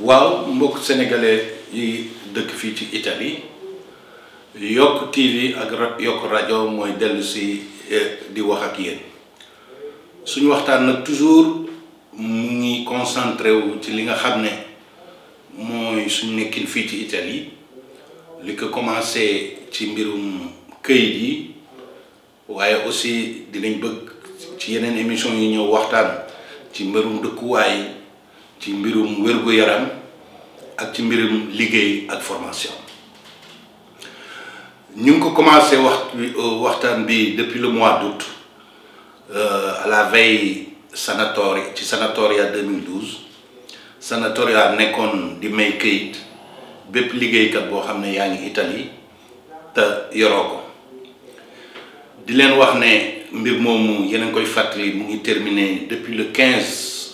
waaw mbokk sénégalais yi dëkk fii ci Italie Yok TV ak yokk rajo mooy dellu si eh, di wax ak yéen suñu waxtaan nak toujours mu ngi concentré wu ci li nga xamné moy suñu nekkil fi ci Italie li ko commencé ci mbirum këyit yi waye aussi di dinañ bëgg ci yeneen émission yi ñëw waxtaan ci mbirum dëkkuwaay ci mbirum wér yaram ak ci mbirum liggéey ak formation ñu ngi ko commencé wax waxtaan bi depuis le mois d'août euh, à la veille sanatoria ci sanatoria 2012 sanatoria nekkoon di may këyit bépp liggéeykat boo xam ne yaa ngi Italie te yoroo ko di leen wax ne mbir moomu yeneen koy fàttali mu ngi terminé depuis le 15.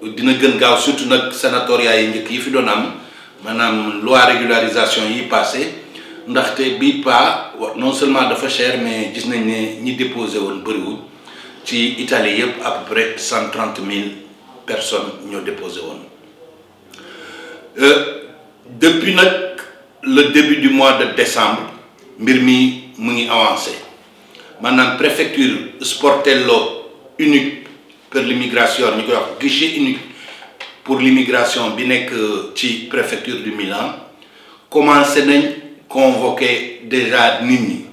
dina gën gaaw surtout nak sénatoriat yi njëkk yi fi doon am manam loi régularisation yi passé ndax té bi pa non seulement dafa cher mais gis nañ né ñi déposé woon wu ci Italie yëpp à peu près 130000 trente mille personnes ñoo déposé woon euh, depuis nak le début du mois de décembre mbir mi mu ngi avancer manam préfecture sportello unique pour l'immigration pour l'immigration bi la euh, préfecture de Milan commencé à convoquer déjà nit ñi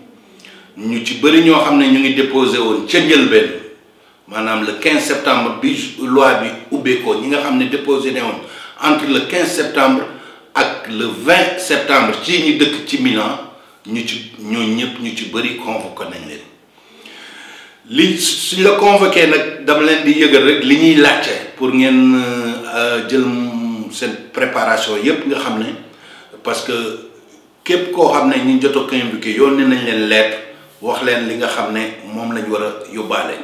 ñu ci déposé le 15 septembre nous loi bi ubbeekoo nous nga déposé entre le 15 septembre et le 20 septembre ci ñi dëkk Milan nous ci convoqué li suñ la convoqué nag dama leen di yëgal rek li ñuy laajte pour ngeen euh, euh, jël seen préparation yépp nga xam ne parce que képp koo xam ne ñu jot a convoqué yónnee nañ leen lettre wax leen li nga xam ne moom lañ war a yóbbaale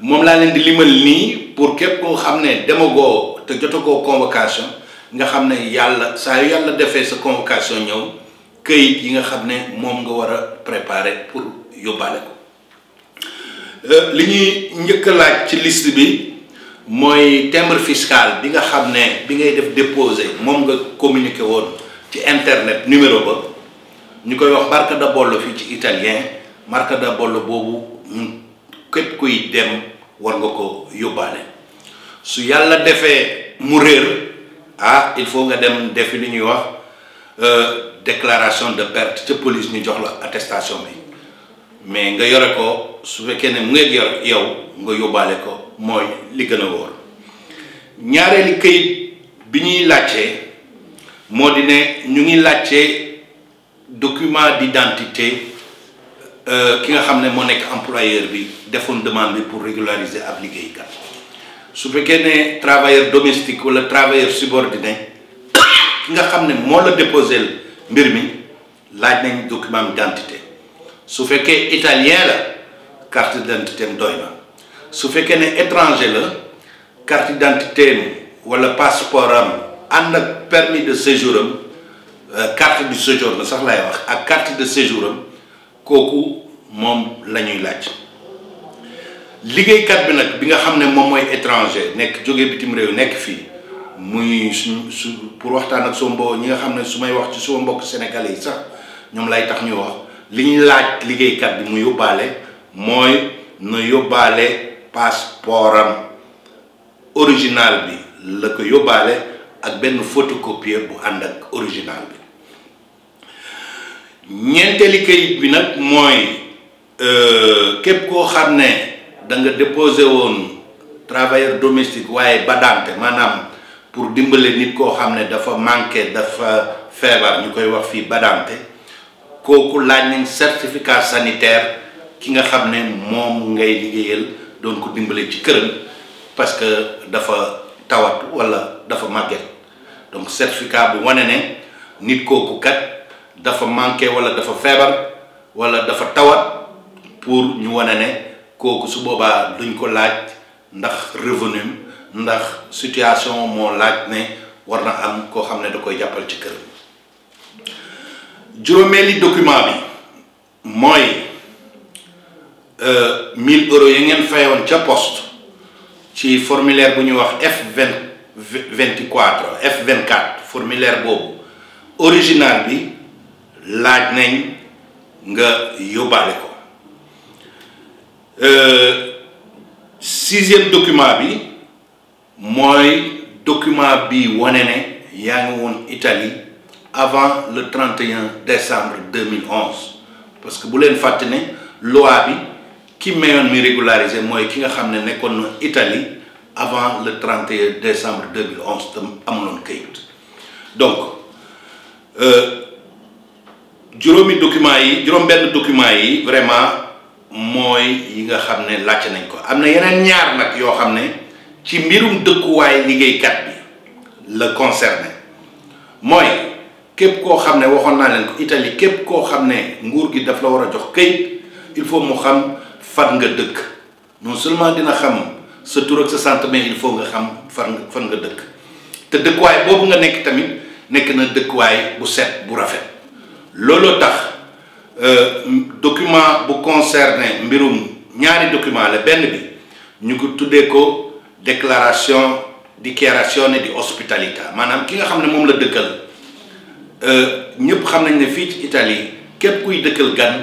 moom laa leen di limal nii pour képp koo xam ne demagoo te jotagoo convocation nga xam ne yàlla saa yu yàlla defee sa convocation ñëw këyit yi nga xam ne moom nga war a préparer pour yóbbaale ko. Euh, li ñuy njëkk laaj ci liste bi mooy timbre fiscal bi nga xam ne bi ngay def déposé moom nga communiqué woon ci internet numéro ba ñu koy wax marca da bollo fii ci italien marca de bollo boobu ñu képp kuy dem war nga ko yóbbaale su yàlla defee mu réer ah il faut nga dem defi li ñuy wax euh, declaration de perte ca police ñu jox la attestation bi mais nga yore ko su fekkee ne mu ngeeg yor yow nga yóbbaale ko mooy li gën a wóor ñaareeli këyit bi ñuy laajte moo di ne ñu ngi laajte document d'identité euh, ki nga xam ne moo nekk employeur bi defoon demande bi pour régulariser ab liggéeykat su fekkee ne travailleur domestique wala travailleur subordonné ki nga xam ne moo la déposé mbir mi laaj nañ document d'identité su fekkee italien carte d'identité d'homme, doy na su étranger la carte d'identité ou wala passeport am ànd permis de séjour am euh, carte de séjour la sax lay wax ak carte de séjour am mom moom la ñuy laaj liggéeykat bi nak bi nga xam ne moy étranger nekk jóge bitim rew nekk fi muy pour waxtaan ak suma ñi nga ne wax ci suma mbok sénégalais sax ñom lay tax ñu wax li ñu laaj liggéeykat bi mu yóbbaale mooy na yóbbaale passeport am original bi la ko yóbbaale ak benn photocopieur bu ànd ak original bi ñeenteeli kayit bi nag mooy euh, képp koo xam ne da nga déposé woon travailleur domestique waaye badante maanaam pour dimbale nit koo xam ne dafa manqué dafa feebar ñu koy wax fii badante kooku laaj nañ certificat sanitaire ki nga xam ne moom ngay liggéeyal doon ko dimbale ci parce que dafa tawat wala dafa màgget donc certificat bu wane ne nit kooku kat dafa manqué wala dafa feebar wala dafa tawat pour ñu wane ne kooku su boobaa duñ ko laaj ndax revenu ndax situation moo laaj ne war am koo xam da koy ci juróomeeli dokument bi mooy 1000 euh, euros yi ngeen fayoon ca poste ci formulaire bu ñuy wax F20 24 F24 formulaire boobu original bi laaj nañ nga yóbbaale ko euh, sixième dokument bi mooy document bi wane ne yaa ngi woon Italie avant le 31 décembre 2011 parce que vous voulez ne loi qui m'a régularisé moi ki nga xam en Italie avant le 31 décembre 2011 te Donc, kayit donc euh, juróomi documents yi juróom-benn documents yi vraiment mooy yi nga xam ne laajte nañ ko am na en ñaar nag yoo xam ne ci mbirum dëkkuwaay de bi le concerné mooy. képp koo xam ne waxoon naa leen ko Italie képp koo xam ne nguur gi daf la war a jox kayit il faut mu xam fan nga dëkk non seulement dina xam sa tur ak sa sant mais il faut nga xam fan fan nga dëkk te dëkkuwaay boobu nga nekk tamit nekk na dëkkuwaay bu set bu rafet looloo tax euh, document bu concerné mbirum ñaari document la benn bi ñu ko tuddee ko déclaration dichiarazione di ospitalità maanaam ki nga xam ne moom la dëkkal Euh, ñëpp xam nañ ne fii ci Italie képp kuy dëkkal gan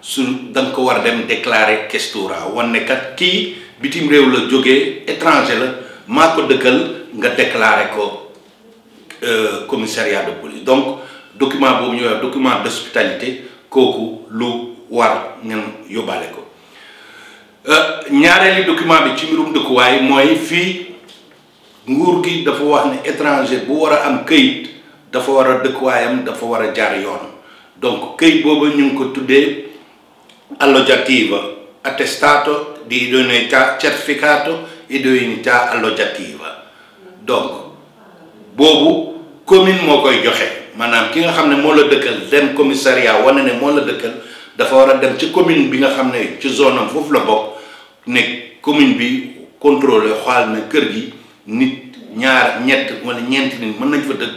su da nga ko war a dem déclarer questura wan ne kat kii bitim réew la jóge étranger la maa ko dëkkal nga déclarer ko euh, commissariat de police donc document boobu ñuy wax document d'hospitalité kooku lu war ngeen yóbbaale ko euh, ñaareeli document bi ci mbirum dëkkuwaay mooy fii nguur gi dafa wax ne étranger bu war a am këyit dafa war a dëkkuwaayam dafa war a jaar yoon donc këyit boobu ñu ngi ko tuddee alloggiativa attestato di idoneità certificato idoneità alloggiativa donc boobu commune moo koy joxe maanaam ki nga xam ne moo la dëkkal dem commissariat wane ne moo la dëkkal dafa war a dem ci commune bi nga xam ne ci zone am foofu la bokk ne commune bi contrôlé xool na kër gi nit ñaar ñett wala ñeenti nit mën nañ fa dëkk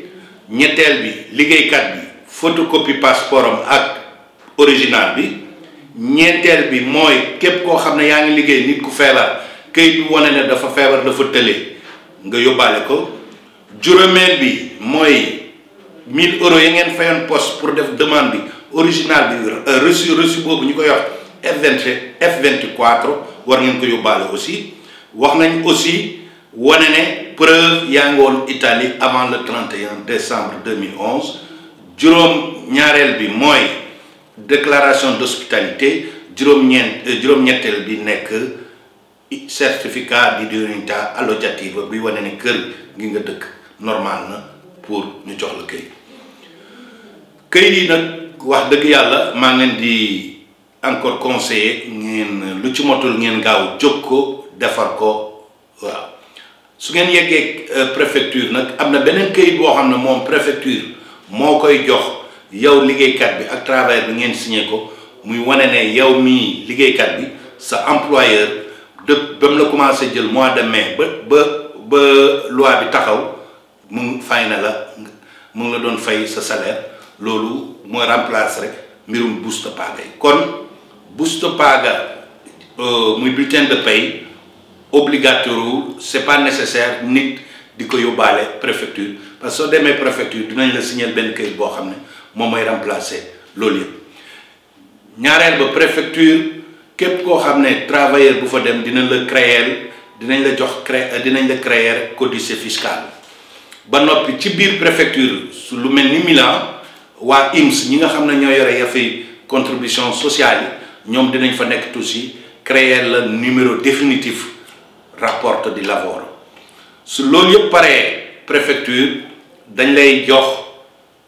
ñetteel bi liggéeykat bi photocopie passeport ak original bi ñeenteel bi mooy képp koo xam ne yaa ngi liggéey nit ku feebar këyit bi wane ne dafa feebar dafa tële nga yóbbaale ko juróomeel bi mooy 1000 euros ya ngeen fayoon poste pour def demande bi original bi euh, reçu reçu boobu ñu koy wax F23 f war ngeen ko yóbbaale aussi wax nañ aussi wone ne. preuve Yangon, Italie avant le 31 décembre 2011 juróom a bi moy déclaration d'hospitalité Jérôme ñeent euh, juróom ñettel bi nek certificat d'identité allocative bi woné ne kër gi nga dëkk normal na pour ñu jox le këy këy yi nak wax dëgg yalla ma ngeen di encore conseiller ngeen lu ci motul ngeen gaaw jóg ko waaw su ngeen yeggee euh, préfecture nag am na beneen këyit boo xam ne moom préfecture moo koy jox yow liggéeykat bi ak travail bi ngeen signé ko muy wane ne yow mii liggéeykat bi sa employeur de ba mu la commencé jël mois de mai ba ba ba loi bi taxaw mu fay na la mu ngi la doon fay sa salaire loolu mooy remplace rek mbirum busta paga yi kon busta paga euh, muy bulletin de paye obligatoire c'est pas nécessaire nit di ko préfecture parce que soo demee préfecture dinañ la signaler ben keuy bo xamné momay remplacer lolé yëpp ba préfecture képp ko xamné travailleur bu fa dem dinañ la créer dinañ la jox créer dinañ la créer codice fiscal ba nopi ci biir préfecture su lu melni ni Milan wa IMS ñi nga xamné ne ñoo yore yafay contribution sociale ñom dinañ fa nekk tuuti créer le numéro définitif rapport de lavoro su loolu yëpp paree préfecture dañ lay jox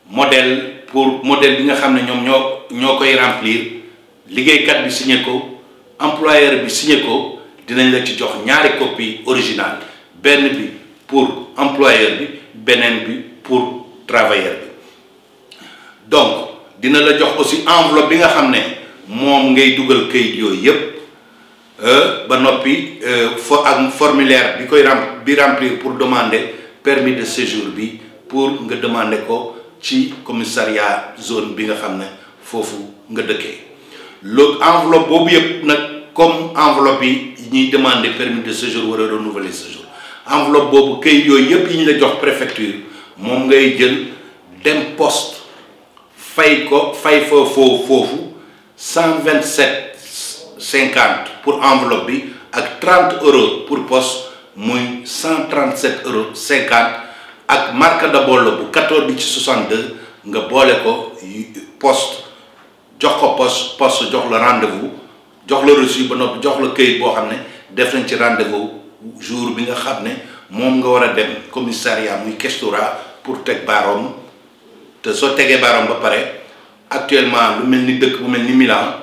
modèle pour modèle bi nga xam ne ñoom ñoo ñoo koy remplir liggéeykat bi signé ko employeur bi signé ko dinañ la ci jox ñaari copie originale benn bi pour employeur bi beneen bi pour travailleur bi donc dina la jox aussi enveloppe bi nga xam ne moom ngay dugal kayit yooyu yëpp euh, ba noppi euh, fo ak formulaire bi koy rem bi remplir pour demander permis de séjour bi pour nga demander ko ci commissariat zone bi nga xamné fofu nga dëkkee loolu enveloppe boobu yëpp nak comme enveloppe yi ñuy demander permis de séjour wara renouveler séjour enveloppe bobu kay yooyu yëpp yi ñu la jox préfecture mom ngay jël dem poste fay ko fay fofu foofu 127. 50 pour enveloppe bi ak euros pour poste moy 137 euros 50 ak marque de bollo nga poste jox poste rendez-vous jox le reçu ba jox rendez-vous jour bi nga commissariat pour te ba actuellement nous melni Milan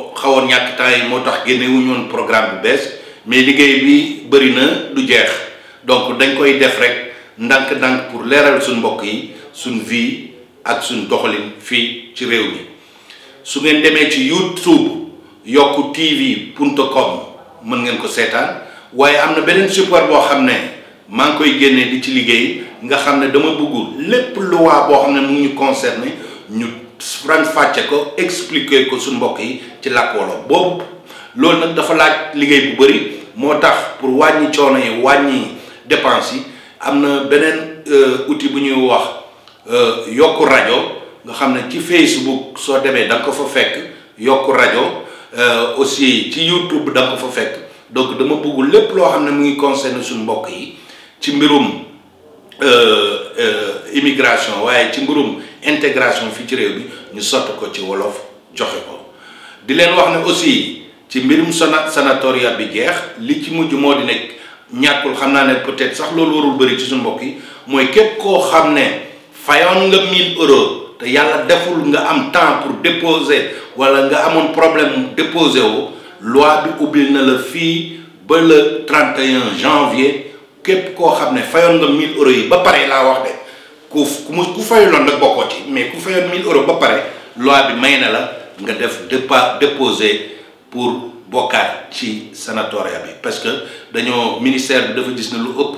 dañoo xawoon ñàkk temps yi moo tax génnewuñu programme mais bi bëri na du jeex donc dañ koy def rek ndànk ndànk pour leeral suñ mbokk yi suñ vie ak suñ doxalin fii ci réew mi su ngeen demee ci youtube yokku tv punto com mën ngeen ko seetaan waaye am na beneen support boo xam ne maa ngi koy génnee di ci liggéey nga xam ne dama bëgg lépp loi boo xam ne mu ñu concerné ñu faram fàcce ko expliquer ko su mbokk yi ci làkk wolof boobu loolu nag dafa laaj liggéey bu bëri moo tax pour wàññi coono yi wàññi dépense yi am na beneen euh, outil bu ñuy wax euh, yokk rajo nga xam ne ci Facebook soo demee da nga ko fa fekk yokku rajo euh, aussi ci YouTube da ko fa fekk donc dama buggul lépp loo xam ne mu ngi concerné suñu mbokk yi ci mbirum immigration waaye ci mbirum intégration fii ci réew bi ñu sotti ko ci wolof joxe ko di leen wax ne aussi ci mbirum sana sanatoria bi jeex li ci muju modi nek nekk xamna xam ne peut-être sax loolu warul bari ci sun mbokk yi mooy képp ko xam ne nga 1000 euros te yalla deful nga am temps pour déposer wala nga amone problème déposer wo loi bi oubil na la fi ba le 31 janvier képp ko xam ne nga 1000 euros yi ba paré la wax dé ku ku mu ku fayaloon nag mais ku fayoon 1000 euros ba pare loi bi may na la nga def dépa déposer pour bokkaat ci sanatoria bi parce que dañoo ministère bi dafa gis ne lu ëpp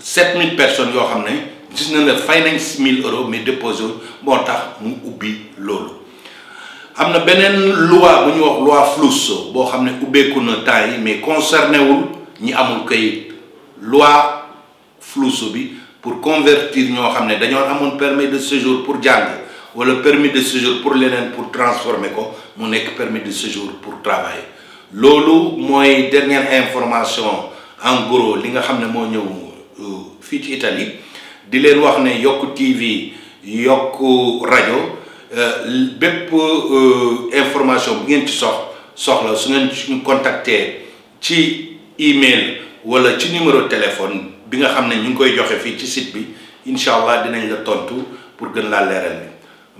7000 personnes yoo xam ne gis na ne fay nañ 1000 euros mais déposé Bon, moo tax mu ubbi loolu. am na loi bu ñuy wax loi Flusser boo xam ne ubbeeku na temps yi mais concerné wul ñi amul kayit loi Flusser bi pour convertir ñoo xam ne dañoo permis de séjour pour ou wala permis de séjour pour leneen pour transformer ko mu nekk permis de séjour pour travailler loolu mooy dernière information en gros li nga xam ne moo ñëw euh, fii ci Italie di leen wax ne Yoku TV yokku rajo euh, bépp euh, information bu ngeen ci sox soxla su ngeen ci contacter ci email wala ci numéro téléphone. bi nga xam ne ñu ngi koy joxe fii ci site bi incha allah dinañ la tontu pour gën laa leeral bi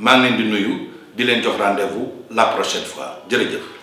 maa ngi leen di nuyu di leen jox rendez-vous la prochaine fois jërëjëf.